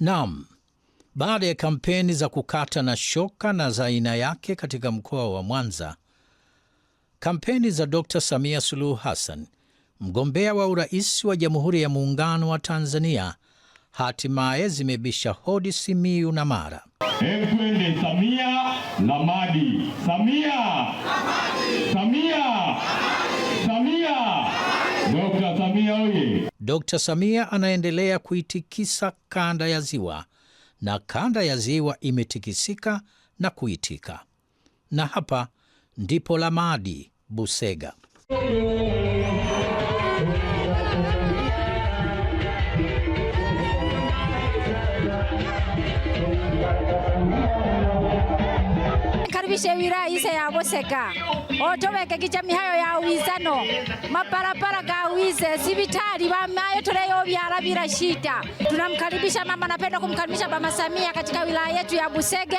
Naam, baada ya kampeni za kukata na shoka na za aina yake katika mkoa wa Mwanza, kampeni za Dr. Samia Suluhu Hassan, mgombea wa urais wa Jamhuri ya Muungano wa Tanzania, hatimaye zimebisha hodi Simiyu na Mara. Eh, twende Samia Lamadi, Samia Samia Samia, Samia. Samia oye! Dkt. Samia anaendelea kuitikisa kanda ya Ziwa na kanda ya Ziwa imetikisika na kuitika, na hapa ndipo Lamadi Busega tuivishe wira ise ya voseka otuveke kicha mihayo ya wisano maparapara ga mayo sivitali vamayo tuleyovyala vila shita. Tunamkaribisha mama, napenda kumkaribisha Mama Samia katika wilaya yetu ya Busega.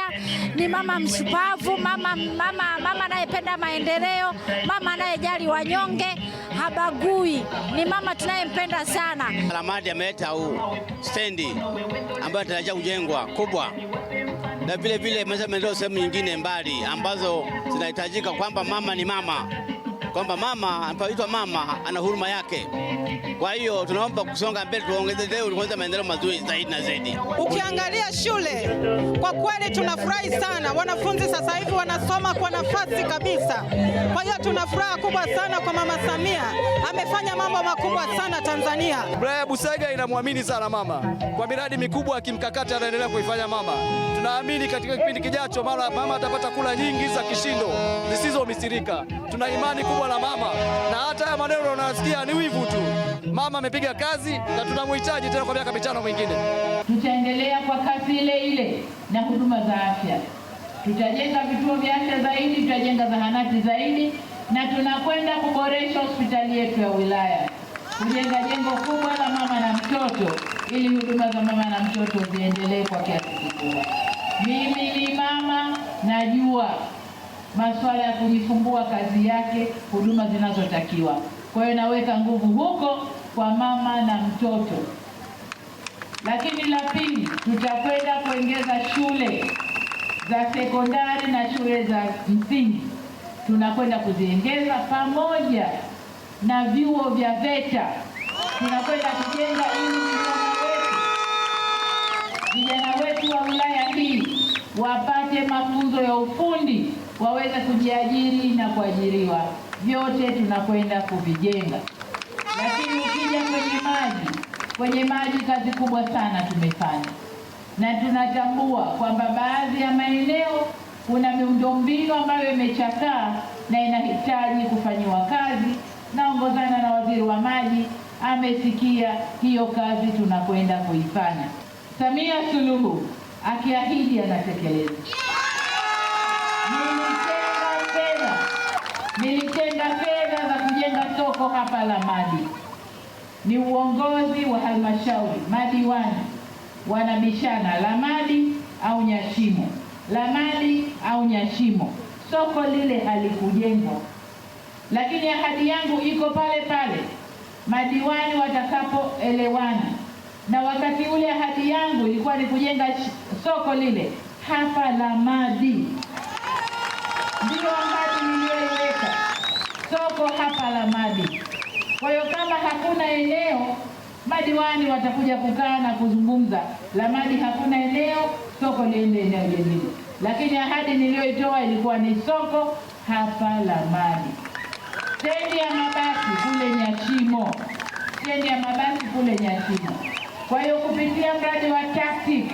Ni mama mshupavu, mama mama mama anayependa maendeleo, mama anayejali wanyonge, habagui. Ni mama tunayempenda sana. Ramadi ameleta huu stendi ambayo tarajia kujengwa kubwa na vile vile maendeleo sehemu nyingine mbali ambazo zinahitajika, kwamba mama ni mama kwamba mama anapoitwa mama ana huruma yake. Kwa hiyo tunaomba kusonga mbele, tuongeze leo maendeleo mazuri zaidi na zaidi. Ukiangalia shule, kwa kweli tunafurahi sana, wanafunzi sasa hivi wanasoma kwa nafasi kabisa. Kwa hiyo tuna furaha kubwa sana kwa mama Samia, amefanya mambo makubwa sana Tanzania. Wilaya ya Busega inamwamini sana mama kwa miradi mikubwa ya kimkakati anaendelea kuifanya mama. Tunaamini katika kipindi kijacho mama atapata kula nyingi za kishindo zisizomisirika. Tuna imani kubwa kubwa la mama, na hata haya maneno unayosikia ni wivu tu. Mama amepiga kazi na tunamhitaji tena kwa miaka mitano mingine. Tutaendelea kwa kazi ile ile na huduma za afya, tutajenga vituo vya afya zaidi, tutajenga zahanati zaidi, na tunakwenda kuboresha hospitali yetu ya wilaya, kujenga jengo kubwa la mama na mtoto, ili huduma za mama na mtoto ziendelee kwa kiasi kikubwa. Mimi ni mama, najua masuala ya kujifungua, kazi yake, huduma zinazotakiwa. Kwa hiyo naweka nguvu huko kwa mama na mtoto. Lakini la pili, tutakwenda kuongeza shule za sekondari na shule za msingi, tunakwenda kuziongeza pamoja na vyuo vya VETA tunakwenda kujenga ili vijana wetu vijana wetu wa wilaya hii wapate mafunzo ya ufundi waweze kujiajiri na kuajiriwa, vyote tunakwenda kuvijenga. Lakini ukija kwenye maji, kwenye maji kazi kubwa sana tumefanya, na tunatambua kwamba baadhi ya maeneo kuna miundombinu ambayo imechakaa na inahitaji kufanyiwa kazi. Naongozana na waziri wa maji, amesikia hiyo kazi tunakwenda kuifanya. Samia Suluhu akiahidi anatekeleza nilitenga fedha, nilitenga fedha za kujenga soko hapa la Madi. Ni uongozi wa halmashauri, madiwani wanabishana madi au Nyashimo, la madi au Nyashimo. Soko lile halikujengwa, lakini ahadi yangu iko pale pale. Madiwani watakapoelewana, na wakati ule ahadi yangu ilikuwa ni kujenga soko lile hapa la madi ndio ahadi niliyoiweka, soko hapa la Madi. Kwa hiyo kama hakuna eneo, madiwani watakuja kukaa na kuzungumza, la Madi hakuna eneo, soko liende eneo jingine. lakini ahadi niliyoitoa ilikuwa ni soko hapa la Madi. Stendi ya mabasi kule Nyashimo, stendi ya mabasi kule Nyashimo. Kwa hiyo kupitia mradi wa TACTIC,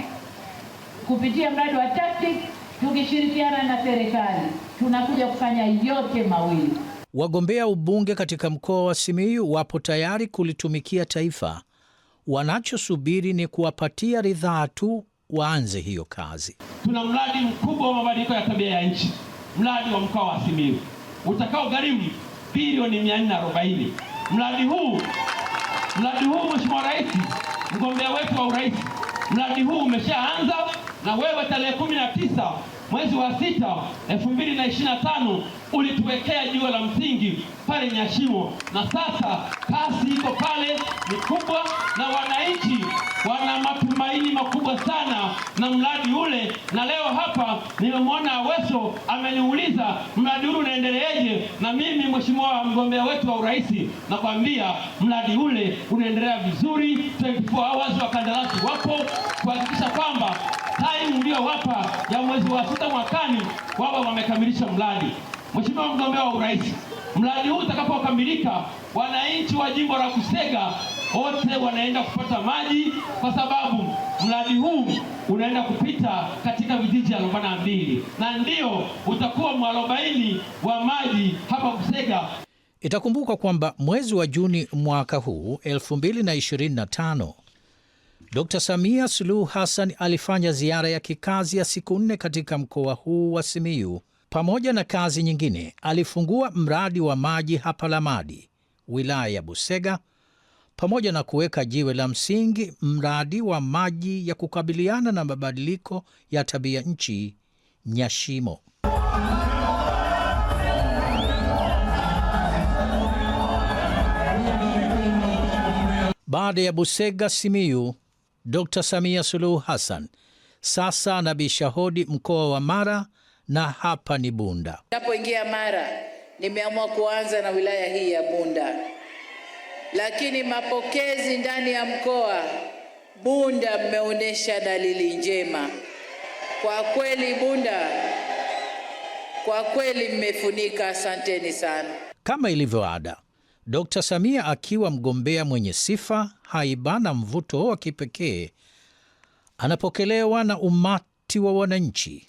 kupitia mradi wa TACTIC tukishirikiana na serikali tunakuja kufanya yote mawili. Wagombea ubunge katika mkoa wa Simiyu wapo tayari kulitumikia taifa, wanachosubiri ni kuwapatia ridhaa tu waanze hiyo kazi. Tuna mradi mkubwa wa mabadiliko ya tabia ya nchi, mradi wa mkoa wa Simiyu utakao gharimu bilioni 440. Mradi huu mradi huu Mheshimiwa Rais, mgombea wetu wa urais, mradi huu umeshaanza na wewe tarehe kumi na tisa mwezi wa sita elfu mbili na ishirini na tano ulituwekea jiwe la msingi pale Nyashimo, na sasa kazi iko pale ni kubwa, na wananchi wana matumaini makubwa sana na mradi ule. Na leo hapa nimemwona Aweso ameniuliza mradi ule unaendeleeje na mimi mheshimiwa mgombea wetu wa urais, nakwambia mradi ule unaendelea vizuri, 24 hours wakandarasi wapo kuhakikisha kwamba time mliowapa ya mwezi wa sita mwakani wawe wamekamilisha mradi. Mheshimiwa mgombea wa urais, mradi huu utakapokamilika, wananchi wa jimbo la Kusega wote wanaenda kupata maji, kwa sababu mradi huu unaenda kupita katika vijiji arobaini na mbili na ndio utakuwa mwarobaini wa maji hapa Kusega. Itakumbuka kwamba mwezi wa Juni mwaka huu 2025 Dkt. Samia Suluhu Hassan alifanya ziara ya kikazi ya siku nne katika mkoa huu wa Simiyu. Pamoja na kazi nyingine, alifungua mradi wa maji Hapalamadi, wilaya ya Busega, pamoja na kuweka jiwe la msingi mradi wa maji ya kukabiliana na mabadiliko ya tabia nchi Nyashimo. Baada ya Busega, Simiyu Dr. Samia Suluhu Hassan sasa anabisha hodi mkoa wa Mara na hapa ni Bunda. Napoingia Mara, nimeamua kuanza na wilaya hii ya Bunda, lakini mapokezi ndani ya mkoa Bunda mmeonyesha dalili njema kwa kweli. Bunda kwa kweli mmefunika, asanteni sana. Kama ilivyo ada, Dkt. Samia akiwa mgombea mwenye sifa, haiba na mvuto wa kipekee, anapokelewa na umati wa wananchi.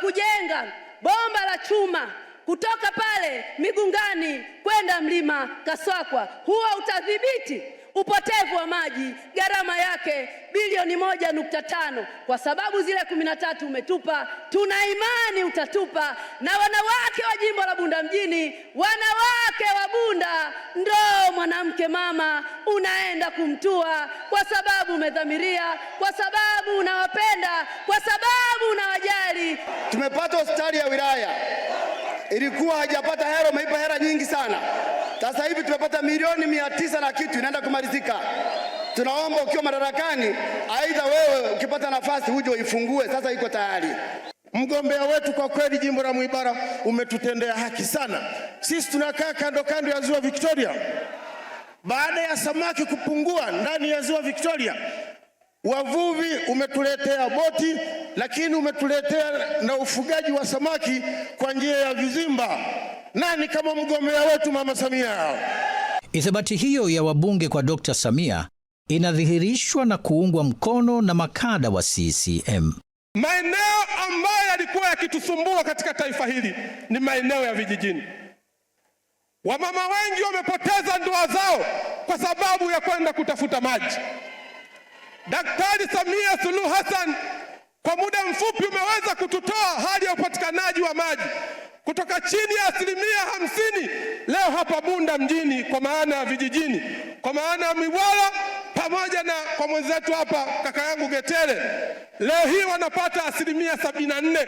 kujenga bomba la chuma kutoka pale Migungani kwenda mlima Kaswakwa. Huo utadhibiti Upotevu wa maji gharama yake bilioni moja nukta tano. Kwa sababu zile kumi na tatu umetupa, tuna imani utatupa. Na wanawake wa jimbo la Bunda mjini, wanawake wa Bunda, ndo mwanamke mama unaenda kumtua, kwa sababu umedhamiria, kwa sababu unawapenda, kwa sababu unawajali. Tumepata hospitali ya wilaya, ilikuwa haijapata hera umeipa hera nyingi sana sasa hivi tumepata milioni mia tisa na kitu inaenda kumalizika. Tunaomba ukiwa madarakani, aidha wewe ukipata nafasi huje ifungue, sasa iko tayari. Mgombea wetu kwa kweli, jimbo la Mwibara umetutendea haki sana. Sisi tunakaa kando kando ya ziwa Victoria. Baada ya samaki kupungua ndani ya ziwa Victoria, Wavuvi umetuletea boti, lakini umetuletea na ufugaji wa samaki kwa njia ya vizimba. Nani kama mgombea wetu Mama Samia? Ithibati hiyo ya wabunge kwa Dkt. Samia inadhihirishwa na kuungwa mkono na makada wa CCM. Maeneo ambayo yalikuwa yakitusumbua katika taifa hili ni maeneo ya vijijini. Wamama wengi wamepoteza ndoa zao kwa sababu ya kwenda kutafuta maji. Daktari Samia Suluhu Hassan kwa muda mfupi umeweza kututoa hali ya upatikanaji wa maji kutoka chini ya asilimia hamsini leo hapa Bunda mjini, kwa maana ya vijijini, kwa maana ya Mwibwala pamoja na kwa mwenzetu hapa kaka yangu Getere, leo hii wanapata asilimia sabini na nne.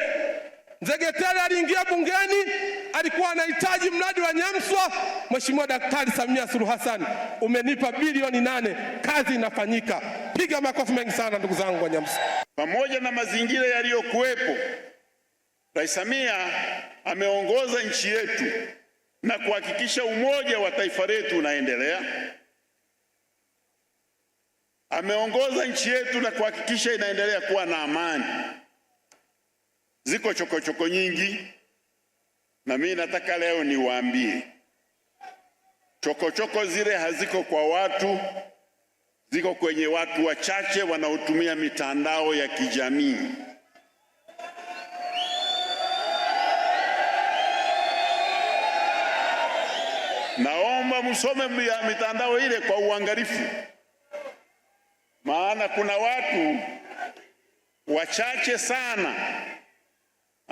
Nzegetele aliingia bungeni, alikuwa anahitaji mradi wa Nyamswa. Mheshimiwa Daktari Samia Suluhu Hassan, umenipa bilioni nane, kazi inafanyika. Piga makofi mengi sana ndugu zangu wa Nyamswa. Pamoja na mazingira yaliyokuwepo, Rais Samia ameongoza nchi yetu na kuhakikisha umoja wa taifa letu unaendelea. Ameongoza nchi yetu na kuhakikisha inaendelea kuwa na amani. Ziko chokochoko choko nyingi, na mimi nataka leo niwaambie chokochoko zile haziko kwa watu, ziko kwenye watu wachache wanaotumia mitandao ya kijamii. Naomba msome ya mitandao ile kwa uangalifu, maana kuna watu wachache sana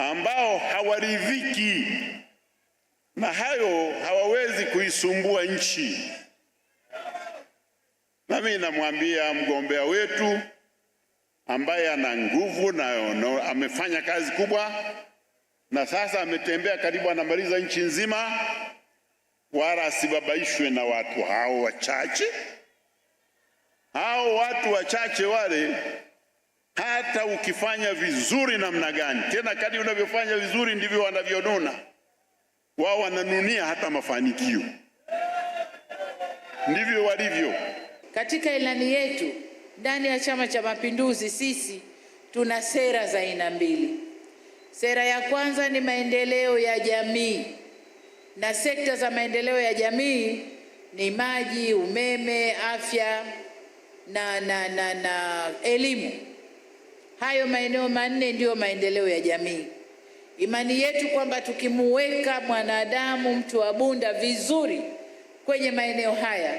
ambao hawaridhiki na hayo, hawawezi kuisumbua nchi. na mimi namwambia mgombea wetu ambaye ana nguvu na, na amefanya kazi kubwa na sasa ametembea karibu anamaliza nchi nzima, wala asibabaishwe na watu hao wachache. Hao watu wachache wale hata ukifanya vizuri namna gani, tena kadi unavyofanya vizuri ndivyo wanavyonuna wao, wananunia hata mafanikio. Ndivyo walivyo. Katika ilani yetu ndani ya Chama cha Mapinduzi sisi tuna sera za aina mbili. Sera ya kwanza ni maendeleo ya jamii, na sekta za maendeleo ya jamii ni maji, umeme, afya na, na, na, na elimu. Hayo maeneo manne ndiyo maendeleo ya jamii. Imani yetu kwamba tukimuweka mwanadamu, mtu wa Bunda, vizuri kwenye maeneo haya,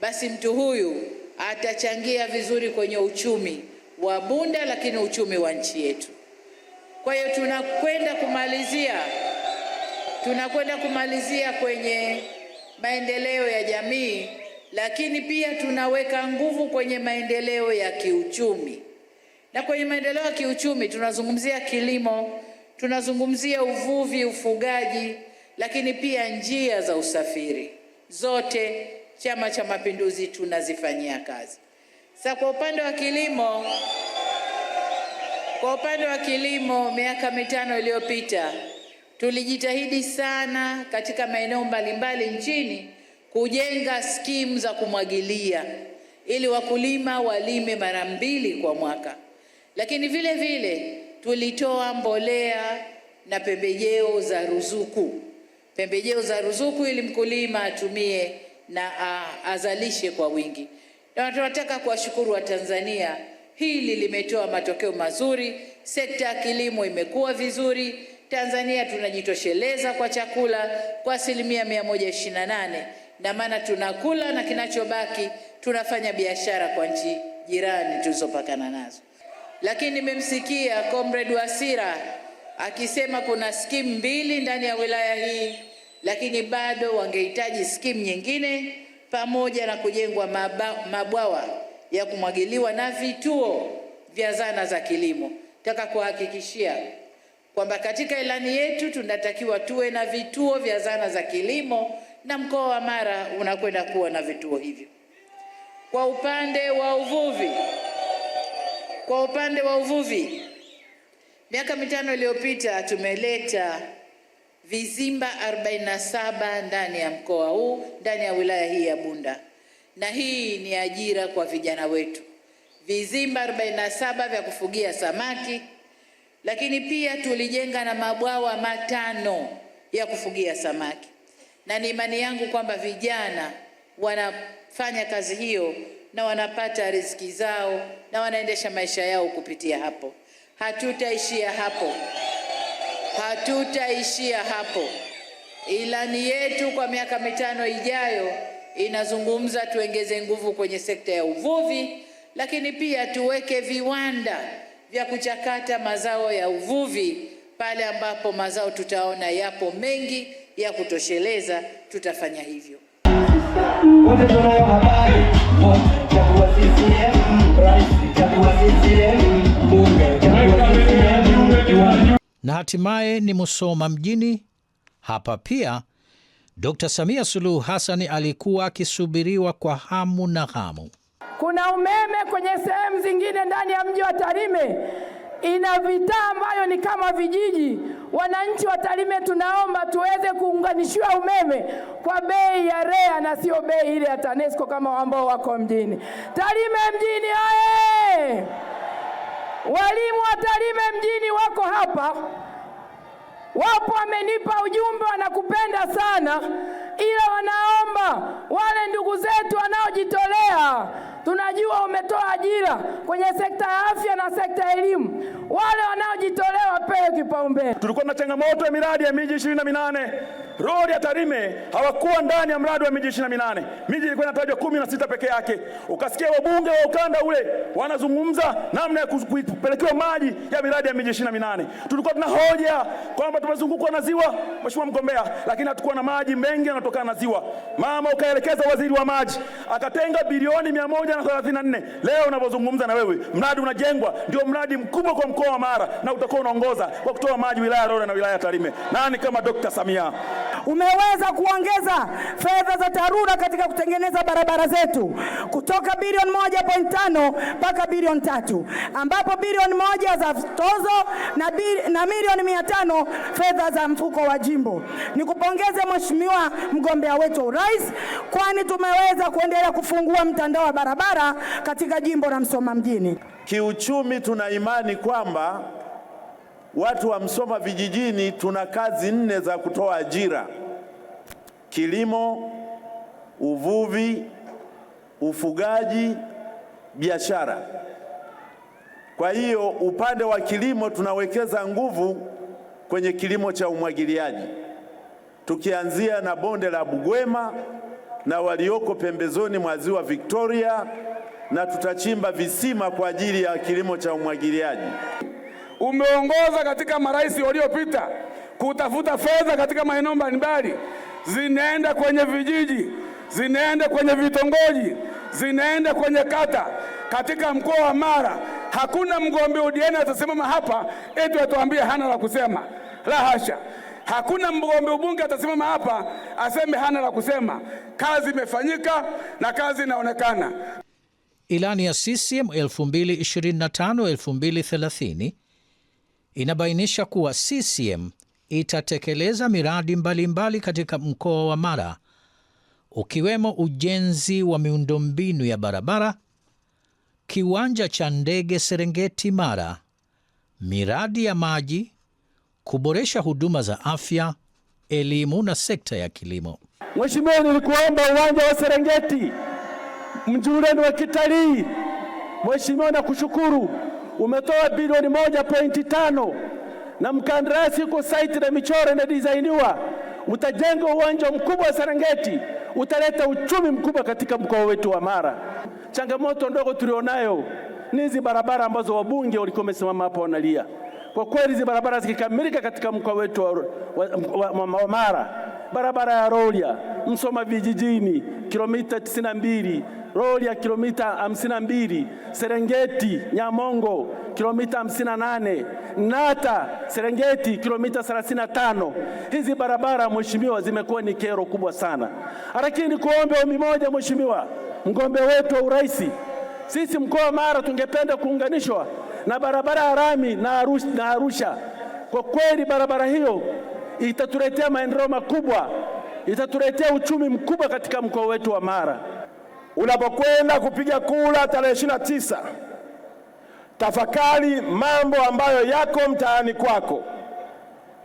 basi mtu huyu atachangia vizuri kwenye uchumi wa Bunda, lakini uchumi wa nchi yetu. Kwa hiyo tunakwenda kumalizia tunakwenda kumalizia kwenye maendeleo ya jamii, lakini pia tunaweka nguvu kwenye maendeleo ya kiuchumi. Na kwenye maendeleo ya kiuchumi tunazungumzia kilimo, tunazungumzia uvuvi, ufugaji, lakini pia njia za usafiri. Zote Chama cha Mapinduzi tunazifanyia kazi. Sa kwa upande wa kilimo, kwa upande wa kilimo, miaka mitano iliyopita tulijitahidi sana katika maeneo mbalimbali nchini kujenga skimu za kumwagilia ili wakulima walime mara mbili kwa mwaka. Lakini vile vile tulitoa mbolea na pembejeo za ruzuku, pembejeo za ruzuku ili mkulima atumie na azalishe kwa wingi. Na tunataka kuwashukuru Watanzania, hili limetoa matokeo mazuri. Sekta ya kilimo imekuwa vizuri. Tanzania tunajitosheleza kwa chakula kwa asilimia nane na maana tunakula na kinachobaki tunafanya biashara kwa nchi jirani tulizopakana nazo. Lakini nimemsikia comrade Wasira akisema kuna skimu mbili ndani ya wilaya hii, lakini bado wangehitaji skimu nyingine pamoja na kujengwa mabwawa ya kumwagiliwa na vituo vya zana za kilimo. Nataka kuhakikishia kwamba katika ilani yetu tunatakiwa tuwe na vituo vya zana za kilimo na mkoa wa Mara unakwenda kuwa na vituo hivyo. Kwa upande wa uvuvi kwa upande wa uvuvi, miaka mitano iliyopita tumeleta vizimba 47 ndani ya mkoa huu, ndani ya wilaya hii ya Bunda, na hii ni ajira kwa vijana wetu, vizimba 47 vya kufugia samaki, lakini pia tulijenga na mabwawa matano ya kufugia samaki, na ni imani yangu kwamba vijana wanafanya kazi hiyo na wanapata riziki zao na wanaendesha maisha yao kupitia hapo. Hatutaishia hapo, hatutaishia hapo. Ilani yetu kwa miaka mitano ijayo inazungumza tuongeze nguvu kwenye sekta ya uvuvi, lakini pia tuweke viwanda vya kuchakata mazao ya uvuvi. Pale ambapo mazao tutaona yapo mengi ya kutosheleza, tutafanya hivyo. Na hatimaye ni Musoma mjini. Hapa pia Dkt. Samia Suluhu Hassan alikuwa akisubiriwa kwa hamu na hamu. Kuna umeme kwenye sehemu zingine ndani ya mji wa Tarime ina vitaa ambayo ni kama vijiji. Wananchi wa Tarime tunaomba tuweze kuunganishiwa umeme kwa bei ya REA na sio bei ile ya TANESCO kama ambao wako mjini Tarime mjini. oye walimu wa Tarime mjini wako hapa, wapo wamenipa ujumbe, wanakupenda sana, ila wanaomba wale ndugu zetu wanaojitolea Tunajua umetoa ajira kwenye sekta ya afya na sekta ya elimu, wale wanaojitolea wapewe kipaumbele. Tulikuwa na changamoto ya miradi ya miji ishirini na minane rori ya Tarime hawakuwa ndani ya mradi wa miji ishirini na minane. Miji ilikuwa inatajwa kumi na sita peke yake. Ukasikia wabunge wa ukanda ule wanazungumza namna ya kupelekewa maji ya miradi ya miji ishirini na minane. Tulikuwa tuna hoja kwamba tumezungukwa na ziwa, mheshimiwa mgombea, lakini hatukuwa na maji mengi yanatokana na ziwa. Mama ukaelekeza waziri wa maji akatenga bilioni mia moja na thelathini na nne. Leo unavyozungumza na wewe mradi unajengwa, ndio mradi mkubwa kwa mkoa wa Mara na utakuwa unaongoza kwa kutoa maji wilaya Rorya na wilaya Tarime. Nani kama Dr. Samia? Umeweza kuongeza fedha za TARURA katika kutengeneza barabara zetu kutoka bilioni moja point tano mpaka bilioni tatu ambapo bilioni moja za tozo na, bil, na milioni mia tano fedha za mfuko wa jimbo. Nikupongeze mheshimiwa mgombea wetu wa urais, kwani tumeweza kuendelea kufungua mtandao wa barabara katika jimbo la Msoma mjini. Kiuchumi tuna imani kwamba Watu wa Msoma vijijini tuna kazi nne za kutoa ajira: kilimo, uvuvi, ufugaji, biashara. Kwa hiyo upande wa kilimo tunawekeza nguvu kwenye kilimo cha umwagiliaji, tukianzia na bonde la Bugwema na walioko pembezoni mwa ziwa Victoria, na tutachimba visima kwa ajili ya kilimo cha umwagiliaji umeongoza katika marais waliopita kutafuta fedha katika maeneo mbalimbali, zinaenda kwenye vijiji, zinaenda kwenye vitongoji, zinaenda kwenye kata. Katika mkoa wa Mara hakuna mgombea udn atasimama hapa eti atuambie hana la kusema, la hasha. Hakuna mgombea ubunge atasimama hapa aseme hana la kusema. Kazi imefanyika na kazi inaonekana. Ilani ya CCM 2025-2030 inabainisha kuwa CCM itatekeleza miradi mbalimbali mbali katika mkoa wa Mara ukiwemo ujenzi wa miundombinu ya barabara, kiwanja cha ndege Serengeti Mara, miradi ya maji, kuboresha huduma za afya, elimu na sekta ya kilimo. Mheshimiwa, nilikuomba uwanja wa Serengeti, mji ule ni wa kitalii. Mheshimiwa, nakushukuru umetoa bilioni moja pointi tano na mkandarasi huko site na michoro inadisainiwa, utajenga uwanja mkubwa wa Serengeti, utaleta uchumi mkubwa katika mkoa wetu wa Mara. Changamoto ndogo tulionayo ni hizi barabara ambazo wabunge walikuwa wamesimama hapa wanalia. Kwa kweli hizi barabara zikikamilika katika mkoa wetu wa, wa, wa, wa Mara, barabara ya rolia Msoma vijijini kilomita 92 roli ya kilomita hamsini mbili Serengeti Nyamongo kilomita hamsini nane Nata Serengeti kilomita thelathini tano Hizi barabara mheshimiwa, zimekuwa ni kero kubwa sana, lakini kuombe ombi moja mheshimiwa, mgombea wetu wa urais, sisi mkoa wa Mara tungependa kuunganishwa na barabara ya rami na Arusha, na Arusha. Kwa kweli barabara hiyo itatuletea maendeleo makubwa, itatuletea uchumi mkubwa katika mkoa wetu wa Mara unapokwenda kupiga kura tarehe ishirini na tisa tafakari mambo ambayo yako mtaani kwako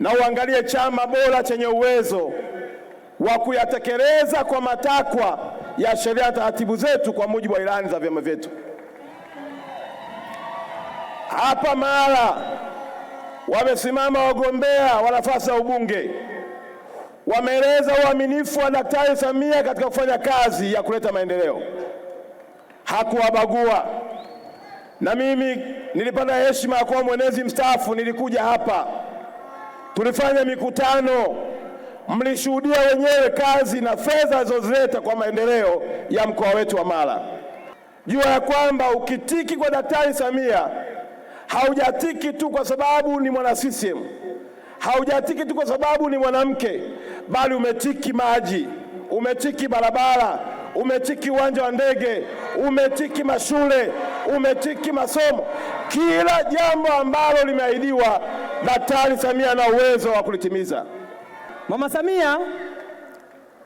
na uangalie chama bora chenye uwezo wa kuyatekeleza kwa matakwa ya sheria na taratibu zetu kwa mujibu wa ilani za vyama vyetu. Hapa Mara wamesimama wagombea wa nafasi ya ubunge wameeleza uaminifu wa Daktari Samia katika kufanya kazi ya kuleta maendeleo, hakuwabagua. Na mimi nilipata heshima ya kuwa mwenezi mstaafu, nilikuja hapa, tulifanya mikutano, mlishuhudia wenyewe kazi na fedha alizozileta kwa maendeleo ya mkoa wetu wa Mara. Jua ya kwamba ukitiki kwa Daktari Samia haujatiki tu kwa sababu ni mwana CCM Haujatiki tu kwa sababu ni mwanamke, bali umetiki maji, umetiki barabara, umetiki uwanja wa ndege, umetiki mashule, umetiki masomo. Kila jambo ambalo limeahidiwa, Daktari Samia ana uwezo wa kulitimiza. Mama Samia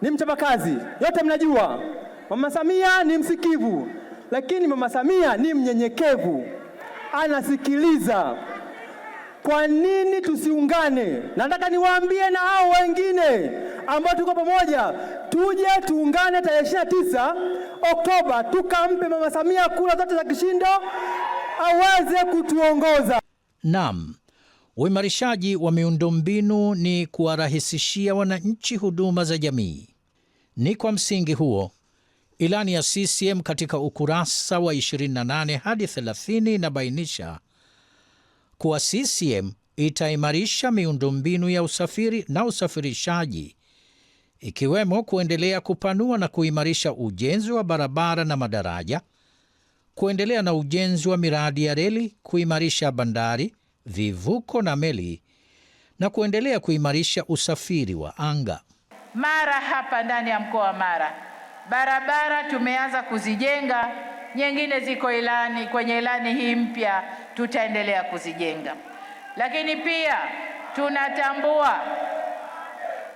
ni mchapakazi, yote mnajua. Mama Samia ni msikivu, lakini Mama Samia ni mnyenyekevu, anasikiliza. Kwa nini tusiungane? Nataka niwaambie na hao wengine ambao tuko pamoja, tuje tuungane tarehe 29 tisa Oktoba, tukampe Mama Samia kura zote za kishindo aweze kutuongoza. Naam, uimarishaji wa miundombinu ni kuwarahisishia wananchi huduma za jamii. Ni kwa msingi huo ilani ya CCM katika ukurasa wa 28 hadi 30 inabainisha kuwa CCM itaimarisha miundombinu ya usafiri na usafirishaji ikiwemo kuendelea kupanua na kuimarisha ujenzi wa barabara na madaraja, kuendelea na ujenzi wa miradi ya reli, kuimarisha bandari, vivuko na meli na kuendelea kuimarisha usafiri wa anga. Mara hapa ndani ya mkoa wa Mara barabara tumeanza kuzijenga, nyingine ziko ilani, kwenye ilani hii mpya tutaendelea kuzijenga. Lakini pia tunatambua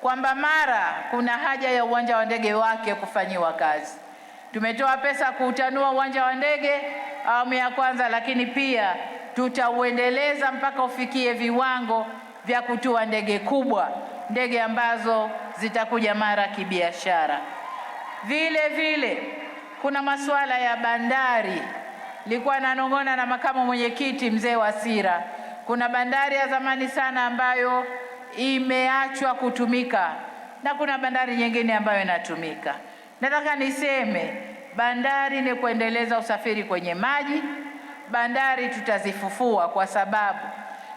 kwamba Mara kuna haja ya uwanja wa ndege wake kufanyiwa kazi. Tumetoa pesa kuutanua uwanja wa ndege awamu ya kwanza, lakini pia tutauendeleza mpaka ufikie viwango vya kutua ndege kubwa, ndege ambazo zitakuja Mara kibiashara. Vile vile kuna masuala ya bandari nilikuwa nanong'ona na makamu mwenyekiti mzee Wasira, kuna bandari ya zamani sana ambayo imeachwa kutumika na kuna bandari nyingine ambayo inatumika. Nataka niseme bandari ni kuendeleza usafiri kwenye maji. Bandari tutazifufua kwa sababu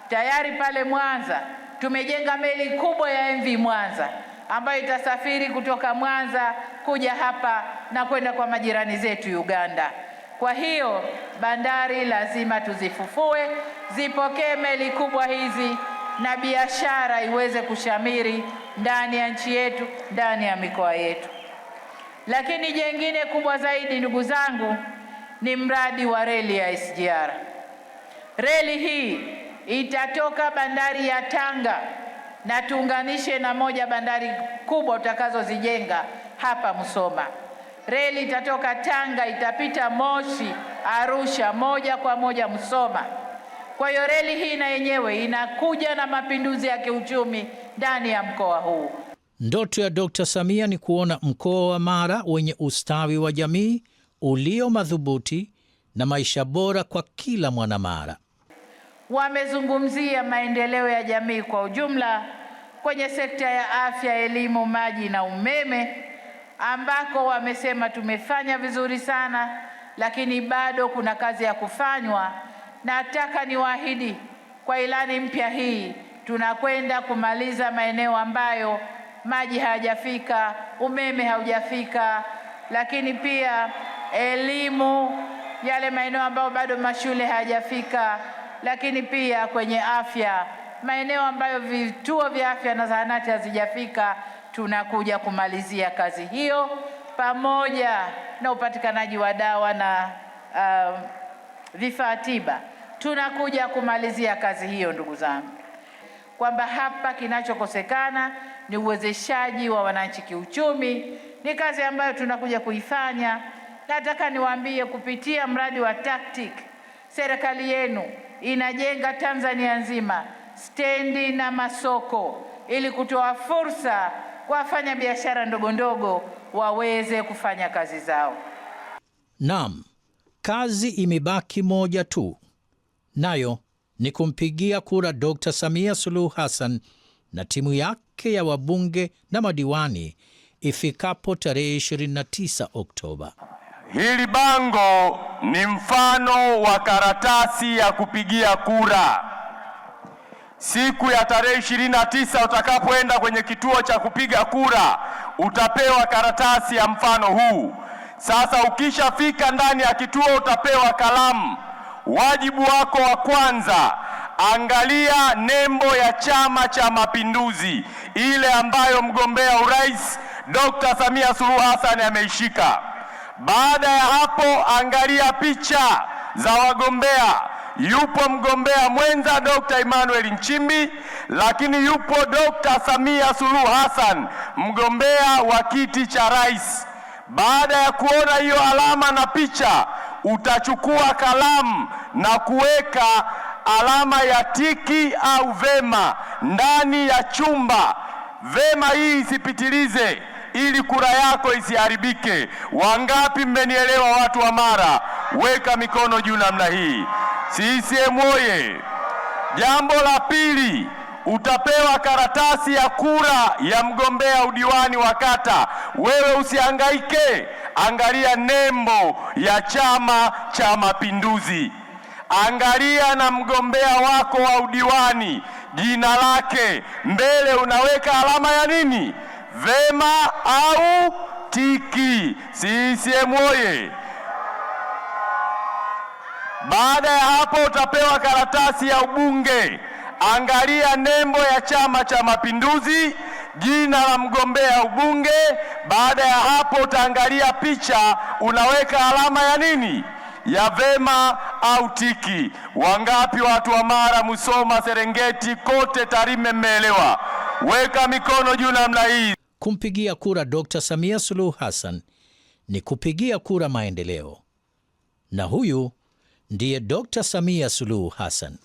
tayari pale Mwanza tumejenga meli kubwa ya MV Mwanza ambayo itasafiri kutoka Mwanza kuja hapa na kwenda kwa majirani zetu Uganda. Kwa hiyo bandari lazima tuzifufue, zipokee meli kubwa hizi na biashara iweze kushamiri ndani ya nchi yetu, ndani ya mikoa yetu. Lakini jengine kubwa zaidi, ndugu zangu, ni mradi wa reli ya SGR. Reli hii itatoka bandari ya Tanga na tuunganishe na moja bandari kubwa utakazozijenga hapa Musoma. Reli itatoka Tanga itapita Moshi, Arusha, moja kwa moja Msoma. Kwa hiyo reli hii na yenyewe inakuja na mapinduzi ya kiuchumi ndani ya mkoa huu. Ndoto ya Dkt. Samia ni kuona mkoa wa Mara wenye ustawi wa jamii ulio madhubuti na maisha bora kwa kila mwanamara. Wamezungumzia maendeleo ya jamii kwa ujumla kwenye sekta ya afya, elimu, maji na umeme ambako wamesema tumefanya vizuri sana, lakini bado kuna kazi ya kufanywa. Nataka niwaahidi kwa ilani mpya hii tunakwenda kumaliza maeneo ambayo maji hayajafika, umeme haujafika, lakini pia elimu, yale maeneo ambayo bado mashule hayajafika, lakini pia kwenye afya, maeneo ambayo vituo vya afya na zahanati hazijafika tunakuja kumalizia kazi hiyo pamoja na upatikanaji wa dawa na uh, vifaa tiba. Tunakuja kumalizia kazi hiyo, ndugu zangu, kwamba hapa kinachokosekana ni uwezeshaji wa wananchi kiuchumi. Ni kazi ambayo tunakuja kuifanya. Nataka niwaambie kupitia mradi wa TACTIC serikali yenu inajenga Tanzania nzima stendi na masoko ili kutoa fursa kwa wafanya biashara ndogo ndogo waweze kufanya kazi zao. Naam, kazi imebaki moja tu, nayo ni kumpigia kura Dr. Samia Suluhu Hassan na timu yake ya wabunge na madiwani ifikapo tarehe 29 Oktoba. Hili bango ni mfano wa karatasi ya kupigia kura. Siku ya tarehe ishirini na tisa utakapoenda kwenye kituo cha kupiga kura utapewa karatasi ya mfano huu. Sasa ukishafika ndani ya kituo utapewa kalamu. Wajibu wako wa kwanza, angalia nembo ya Chama cha Mapinduzi, ile ambayo mgombea urais Dr. Samia Suluhu Hassan ameishika. Baada ya hapo, angalia picha za wagombea yupo mgombea mwenza Dr. Emmanuel Nchimbi, lakini yupo Dr. Samia Suluhu Hassan mgombea wa kiti cha rais. Baada ya kuona hiyo alama na picha, utachukua kalamu na kuweka alama ya tiki au vema ndani ya chumba. Vema hii isipitilize ili kura yako isiharibike. Wangapi mmenielewa? Watu wa Mara, weka mikono juu namna hii. CCM oye! Jambo la pili, utapewa karatasi ya kura ya mgombea udiwani wa kata. Wewe usihangaike, angalia nembo ya Chama cha Mapinduzi, angalia na mgombea wako wa udiwani jina lake mbele, unaweka alama ya nini? vema au tiki. CCM oye! Baada ya hapo utapewa karatasi ya ubunge. Angalia nembo ya Chama cha Mapinduzi, jina la mgombea ubunge. Baada ya hapo utaangalia picha, unaweka alama ya nini? Ya vema au tiki. Wangapi watu wa Mara, Musoma, Serengeti, kote Tarime mmeelewa? Weka mikono juu namna hii. Kumpigia kura Dr. Samia Suluhu Hassan ni kupigia kura maendeleo, na huyu ndiye Dr. Samia Suluhu Hassan.